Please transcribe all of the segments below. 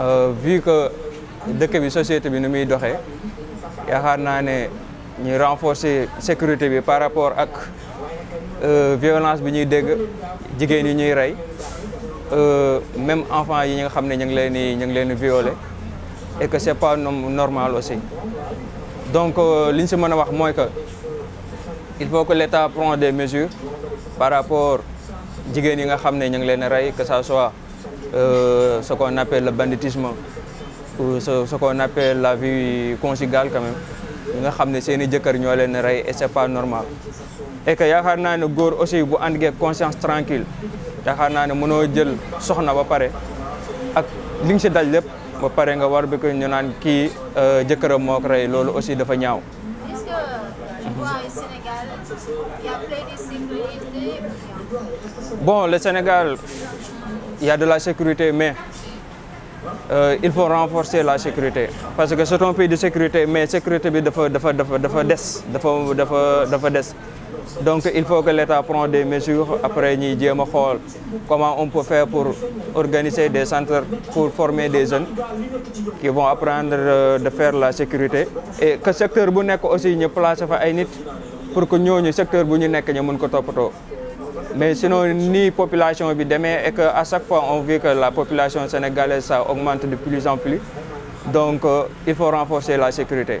Euh, vu que dëkk bi société bi nu muy doxee yaakaar naa ne ñuy renforcer sécurité bi par rapport ak euh, violence bi ñuy dégg jigéen yi ñuy rey euh, même enfants yi nga xam ne ñu ngi leen di ñu ngi leen di violer et que c'est pas normal aussi donc li ñu si mën a wax mooy que il faut que l'État prend des mesures par rapport jigéen yi nga xam ne ñu ngi leen rey que ça soit. euh, ce qu'on appelle le banditisme ou ce, ce qu'on appelle la vie conjugale quand nga xam ne seen i jëkkër ñoo leen rey et c'est pas normal et que yaakaar naa ne góor aussi bu ànd ak conscience tranquille yaakaar naa ne mënoo jël soxna ba pare ak ling nga si daj lépp ba pare nga war bi ko ñu naan kii euh, jëkkëram moo ko rey loolu aussi dafa ñaaw Bon, le Sénégal, il y a de la sécurité, mais euh, il faut renforcer la sécurité. Parce que c'est un pays de sécurité, mais la sécurité, de de donc il faut que l'État prenne des mesures après Nidjem Comment on peut faire pour organiser des centres pour former des jeunes qui vont apprendre euh, de faire la sécurité. Et que le secteur est aussi une place pour que nous, le secteur bu ñu nekk ñu mais sinon ni population est demain et que à chaque fois on vit que la population sénégalaise ça augmente de plus en plus donc euh, il faut renforcer la sécurité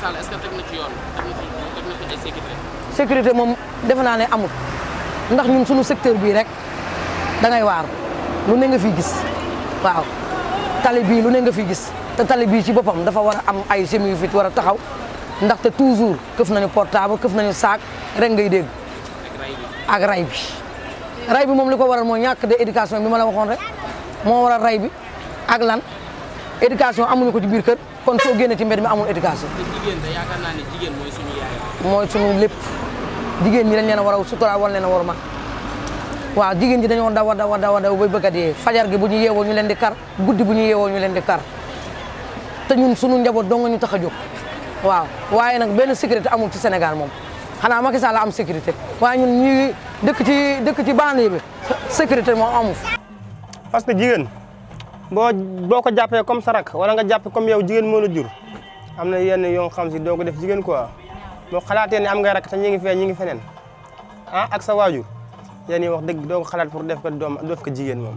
Sall sécurité. moom defe naa ne amul ndax ñun suñu secteur bii rek dangay ngay waar lu ne nga fiy gis waaw tali bii lu ne nga fi gis te tali bii ci boppam dafa war a am ay semis yu fit war a taxaw ndaxte toujours këf nañu portable këf nañu saak rek ngay dégg. ak ray bi moom li ko war a mooy ñàkk de éducation bi ma la waxoon rek moo waral ray bi ak lan. éducation amuñu ko ci biir kër kon so génné ci mbéd mi amul éducation. jigéen da yaakaar na ni jigéen moy suñu yaay. moy suñu lepp jigéen ni lañ leena a sutura wal leena war ma waaw jigéen ñi daw daw daw daw bay bëggati fajar gi bu ñu yeewoo ñu leen di kar guddi bu ñu yeewoo ñu leen di kar té ñun suñu do nga ñu taxaju wa waye nak ben sécurité amul ci Sénégal mom xana Macky Sall am sécurité wa ñun ñi dëkk ci dëkk ci banlieue bi sécurité mo amu parce que boo boo ko jàppee comme sa rak wala nga jàpp comme yow jigéen moo la jur am na yenn yoon xam si doo ko def jigéen quoi boo xalaatee ne am nga rak te ñi ngi fee ñi ngi feneen ah ak sa waajur yéen yi wax dëgg doo ko xalaat pour def ko doom def ko jigéen moom.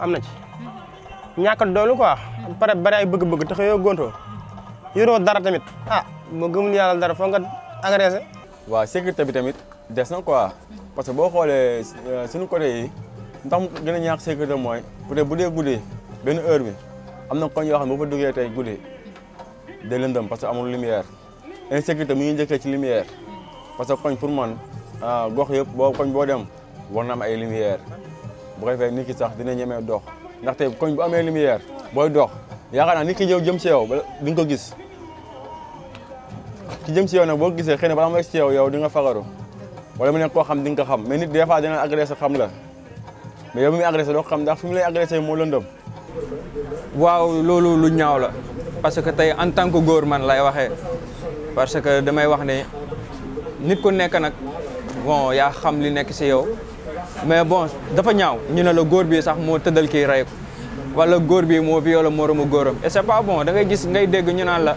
am na ci. Mm-hmm. ñàkk doolu quoi. Mm-hmm. pare bari ay bëgg-bëgg tax yoo góontoo yoroo dara tamit. ah moo gëmul yàlla dara foo agressé. waaw sécurité bi tamit des na quoi parce que boo xoolee euh, suñu côté yi ndax mu gën a ñaax sécurité mooy peut être bu dee guddi benn heure bi am na koñ yoo xam ne boo fa duggee tey guddi day lëndëm parce que amul lumière insécurité mu ngi njëkkee ci lumière parce que koñ pour man ah, gox yëpp boo koñ boo dem war na am ay lumière bu ko defee ki sax dina ñemee dox ndaxte koñ bu amee lumière booy dox yaakaar naa nikki ki ñëw jëm ci yow di nga ko gis. ki jëm si yow nag boo gisee xëy na balaa mu egg si yow yow di nga fagaru mu nekk koo xam di ko xam mais nit des fois dina xam la mais yow mi muy agressé doo ko xam ndax fi mu lay agressé moo lëndëm waaw loolu lu ñaaw la parce que tey en tant que góor man lay waxe parce que damay wax ne nit ku nekk nag bon yaa xam li nekk si yow mais bon dafa ñaaw ñu ne la góor bi sax moo tëddal kii rey ko wala góor bi moo violé moroomu góoram et c'est pas bon da gis ngay dégg ñu naan la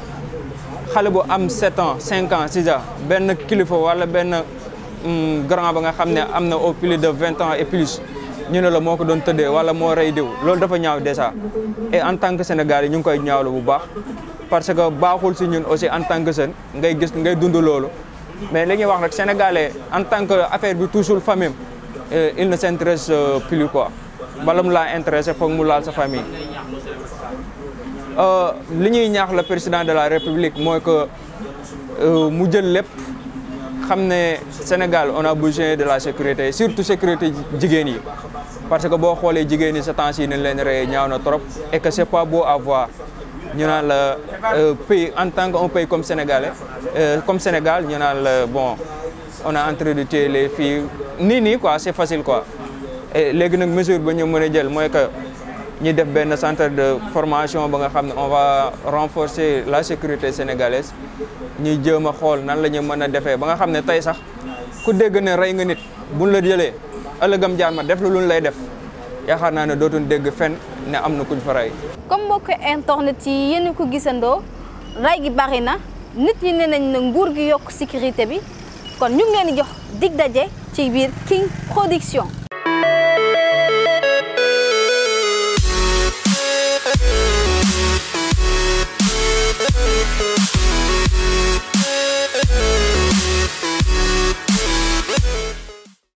xale bu am 7 ans 5 ans 6 ans benn kilifa wala benn mm, grand ba nga xam ne am na au plus de vingt ans et plus ñu ne la moo ko doon tëddee wala moo rey diw loolu dafa ñaaw déjà et en tant que Sénégalais ñu ngi koy ñaawlu bu baax parce que baaxul si ñun aussi en tant que seen ngay gis ngay dund loolu mais li ñuy wax rek Sénégalais en tant que affaire bi toujours famille euh, il ne s'intéresse euh, plus quoi bala mu laa intéressé foog mu laal sa famille Euh, li ñuy ñaax la président de la république mooy que euh, mu jël lépp xam ne Sénégal on a besoin de la sécurité surtout sécurité jigéen yi parce que boo xoolee jigéen yi sa temps yi nañ leen rey ñaaw na trop et que c'est pas bo à voir ñu naan la euh, pays en tant que un pays comme sénégalais comme Sénégal ñu naan la bon on a en train de tuer les filles nii nii quoi c'est facile quoi léegi nag mesure ba ñu mën jël mooy que ñuy def benn centre de formation ba nga xam ne on va renforcer la sécurité sénégalaise ñuy jéem a xool nan la ñu mën a defee ba nga xam ne tey sax ku dégg ne rey nga nit buñ la jëlee ëllëgam jaar ma def lu luñ lay def yaakaar naa ne dootuñ dégg fen ne am na kuñ fa rey. comme mbokk internet yi yéen ko gisandoo rey gi bari na nit ñi ne na nguur gi yokk sécurité bi kon ñu ngi leen di jox dig daje ci biir King Production.